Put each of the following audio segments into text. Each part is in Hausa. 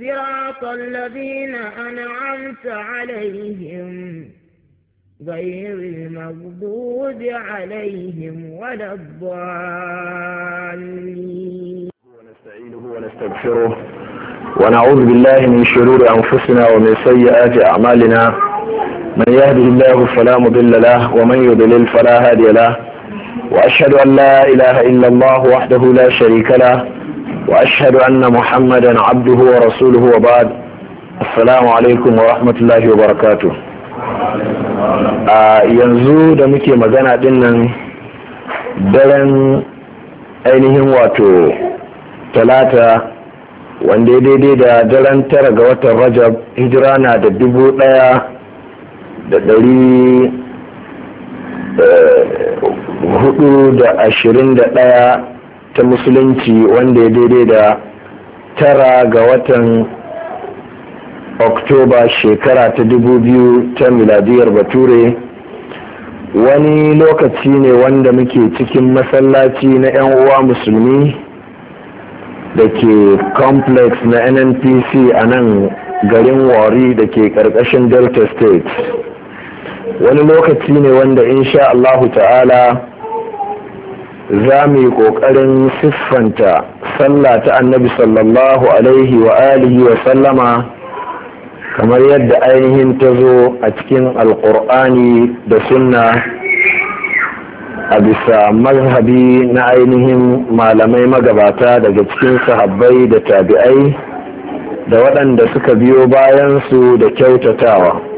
صراط الذين أنعمت عليهم غير المغضوب عليهم ولا الضالين ونستعينه ونستغفره ونعوذ بالله من شرور أنفسنا ومن سيئات أعمالنا من يهده الله فلا مضل له ومن يضلل فلا هادي له وأشهد أن لا إله إلا الله وحده لا شريك له وأشهد أن محمدا عبده ورسوله وبعد السلام عليكم ورحمة الله وبركاته a yanzu da muke magana dinnan daren ainihin wato talata wanda ya daidai da daren tara ga watan rajab hijira na da dubu daya da dari hudu da ashirin da daya ta musulunci wanda ya daidai da tara ga watan oktoba shekara ta dubu biyu ta miladiyar bature wani lokaci ne wanda muke cikin masallaci na 'yan uwa musulmi da ke complex na nnpc a nan garin wari da ke karkashin delta state wani lokaci ne wanda insha allahu ta'ala za mu yi ƙoƙarin siffanta sallah ta annabi sallallahu alaihi wa alihi wa sallama kamar yadda ainihin ta zo a cikin alƙur'ani da sunna a bisa mazhabi na ainihin malamai magabata daga cikin sahabbai da tabi'ai da waɗanda suka biyo bayansu da kyautatawa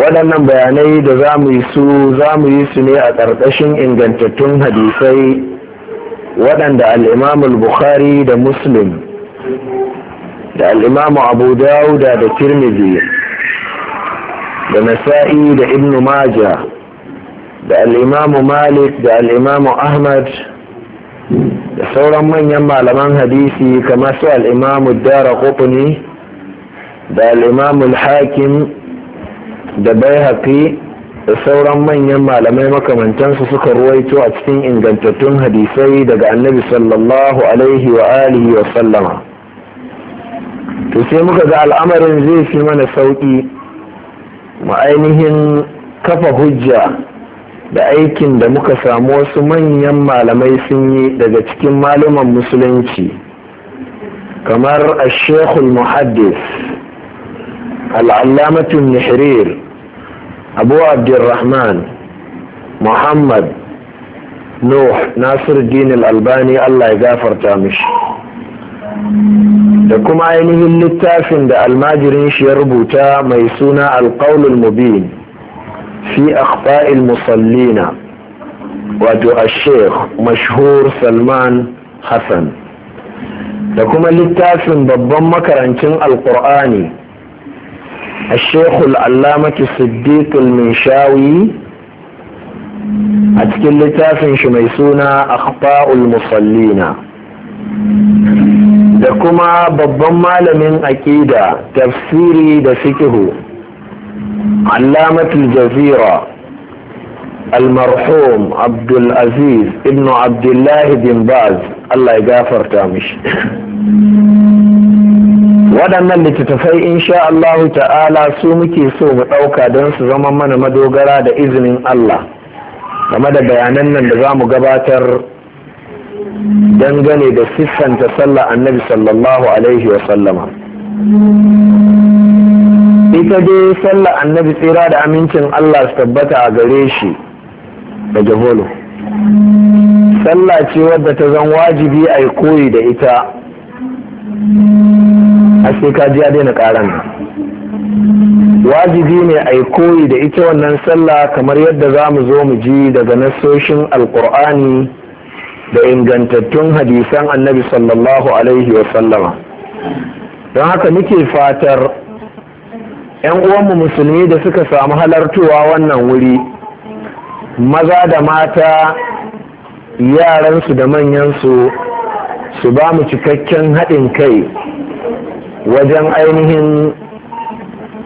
waɗannan bayanai da za mu yi su za mu yi su ne a ƙarƙashin ingantattun hadisai waɗanda al'imamul bukhari da muslim da al'imamu abu dauda da tirmidhi da nasa'i da ibn maja da al'imamu malik da al'imamu ahmad da sauran manyan malaman hadisi kamar su al'imamu dara da al'imamu hakim da bai haƙi da sauran manyan malamai makamantansu suka ruwaito a cikin ingantattun hadisai daga annabi sallallahu alaihi wa alihi wa sallama to sai muka ga al'amarin zai fi mana sauƙi ma ainihin kafa hujja da aikin da muka samu wasu manyan malamai sun yi daga cikin maluman musulunci kamar ashekul muhaddis al'allamatun nihrir abu abdurrahman muhammad nuh nasiruddin al-albani allah ya gafarta mishi da kuma ainihin littafin da almajirin shi ya rubuta mai suna alkaulul mubin fi akhfa'il musallina wato ashekh mashhur salman hassan da kuma littafin babban makarancin alƙur'ani a الشيخ العلامة الصديق المنشاوي أتكلم لتاف شميسونا أخطاء المصلين da kuma babban malamin aƙida tafsiri da fikihu allamatul jazira al-marhum abdulaziz ibnu abdullahi bin baz allah ya gafarta mishi waɗannan littattafai insha Allah ta'ala su muke so mu ɗauka don su zama mana madogara da izinin Allah game da bayanan nan da za mu gabatar dangane da siffanta sallah annabi sallallahu alaihi wa sallama ita dai sallah annabi tsira da amincin Allah su tabbata a gare shi da jaholo sallah ce wadda ta zan wajibi a koyi da ita A ka ji ya daina karan wajibi ne a koyi da ita wannan sallah kamar yadda za mu zo mu ji daga nasoshin alkur'ani da ingantattun hadisan annabi sallallahu alaihi wasallama don haka muke fatar 'yan uwanmu musulmi da suka samu halartowa wannan wuri maza da mata yaransu da manyansu su ba mu cikakken haɗin kai wajen ainihin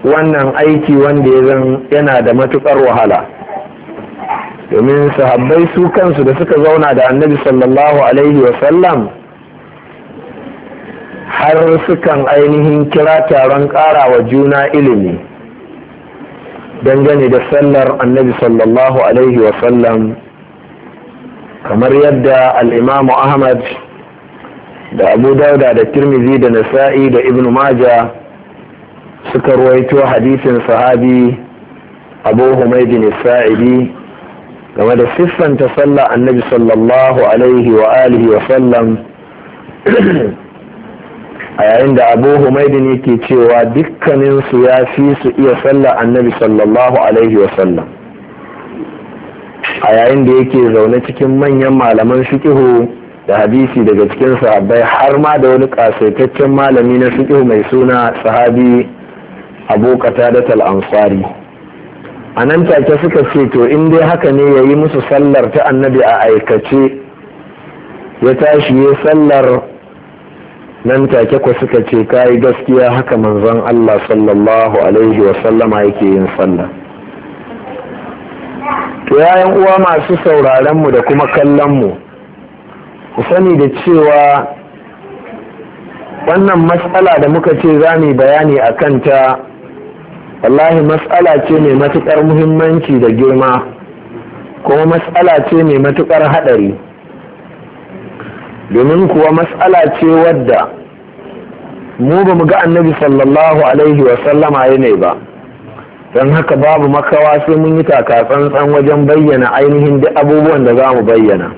wannan aiki wanda ya zan yana da matuƙar wahala domin sahabbai su kansu da suka zauna da annabi sallallahu alaihi wasallam har sukan ainihin kira taron ƙara wa juna ilimi dangane da sallar annabi sallallahu alaihi wasallam kamar yadda al'imamu ahmad da abu dauda da tirmizi da nasa'i da ibn maja suka ruwaito hadisin sahabi abu humaydin sa'idi game da siffanta sallah annabi sallallahu alaihi wa alihi wa sallam a yayin da abu ne ke cewa dukkaninsu ya fi su iya sallah annabi sallallahu alaihi wa sallam a yayin da yake zaune cikin manyan malaman fiqihu da hadisi daga cikin sahabbai har ma da wani kasaitaccen malami na fiqh mai suna sahabi abu qatada al-ansari a nan take suka ce to in dai haka ne yayi musu sallar ta annabi a aikace ya tashi ya sallar nan take ku suka ce kayi gaskiya haka manzon Allah sallallahu alaihi wa sallama yake yin sallah to yayan uwa masu sauraron mu da kuma kallon mu ku sani da cewa wannan matsala da muka ce za mu bayani a kanta wallahi matsala ce mai matuƙar muhimmanci da girma kuma matsala ce mai matuƙar haɗari domin kuwa matsala ce wadda mu ba mu ga annabi sallallahu alaihi wasallama yana ba don haka babu makawa sai mun yi taka tsantsan wajen bayyana ainihin duk abubuwan da za mu bayyana.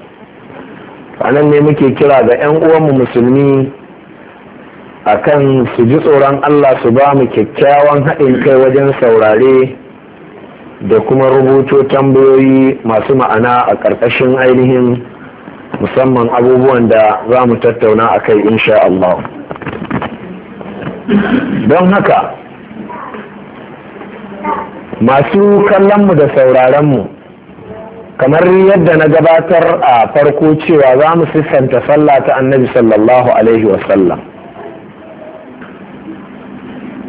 a nan ne muke kira ga 'yan uwanmu musulmi a kan su ji tsoron allah su ba mu kyakkyawan haɗin kai wajen saurare da kuma rubuto tambayoyi masu ma'ana a ƙarƙashin ainihin musamman abubuwan da za mu tattauna a kai insha Allah. don haka masu kallonmu da sauraronmu kamar yadda na gabatar a farko cewa za mu siffanta sallah ta annabi sallallahu alaihi wasallam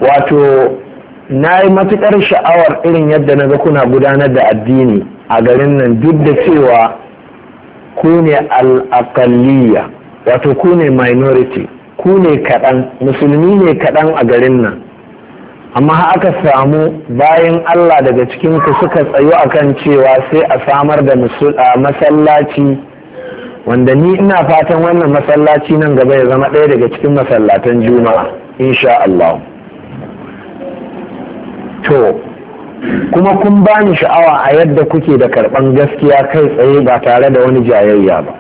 wato na yi matuƙar sha'awar irin yadda na ga kuna gudanar da addini a garin nan duk da cewa ku ne al'akalliya wato ku ne minority ku ne kaɗan musulmi ne kaɗan a garin nan amma aka samu bayan Allah daga cikinku suka tsayo akan cewa sai a samar da masallaci wanda ni ina fatan wannan masallaci nan gaba ya zama ɗaya daga cikin masallatan juma'a insha Allah to kuma kun bani sha'awa a yadda kuke da karɓan gaskiya kai tsaye ba tare da wani jayayya ba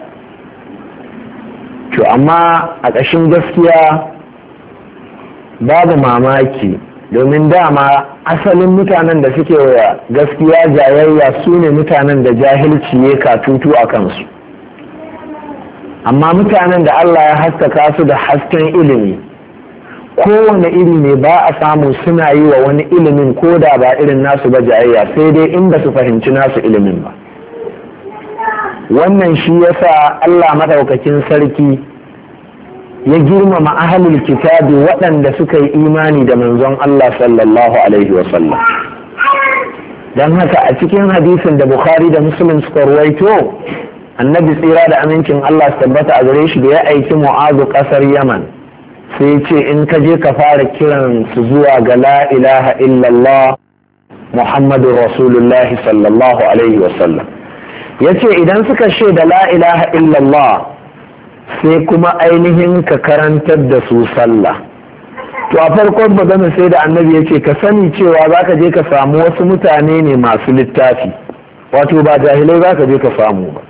to amma a ƙashin gaskiya babu mamaki domin dama asalin mutanen da suke waya gaskiya jayayya su ne mutanen da jahilci ya katutu a kansu amma mutanen da allah ya haskaka su da hasken ilimi kowane ilimi ba a samu suna yi wa wani ilimin ko da ba irin nasu ba jayayya sai dai in ba su fahimci nasu ilimin ba wannan shi yasa allah maɗaukakin sarki ya girmama ahalul kitabi waɗanda suka yi imani da manzon Allah sallallahu alaihi wasallam don haka a cikin hadisin da bukhari da muslim suka ruwaito annabi tsira da amincin Allah su tabbata a gare shi da ya aiki mu'azu ƙasar yaman sai ya ce in ka je ka fara kiran su zuwa ga la ilaha illallah muhammadu rasulullah sallallahu alaihi wasallam ya ce idan suka shaida la ilaha illallah sai kuma ainihin ka karantar da su sallah to a farkon magana sai da annabi ya ce ka sani cewa za ka je ka samu wasu mutane ne masu littafi wato ba jahilai za ka je ka samu ba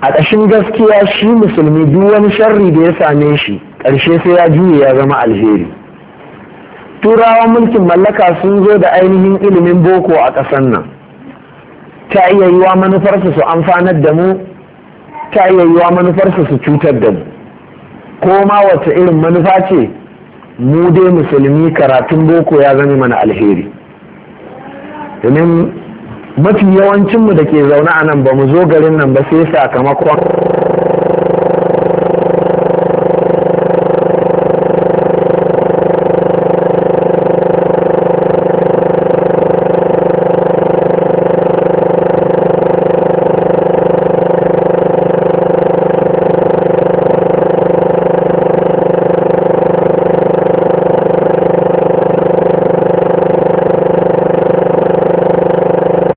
a ƙashin gaskiya shi musulmi duk wani sharri da ya same shi ƙarshe sai ya juye ya zama alheri turawan mulkin mallaka sun zo da ainihin ilimin boko a ƙasar nan ta iya yiwa manufarsa su amfanar da mu ta iya yiwa manufarsa su cutar da mu ko ma wace irin manufa ce mu dai musulmi karatun boko ya zama mana alheri domin mafi yawancinmu da ke zaune a nan ba mu zo garin nan ba sai sakamakon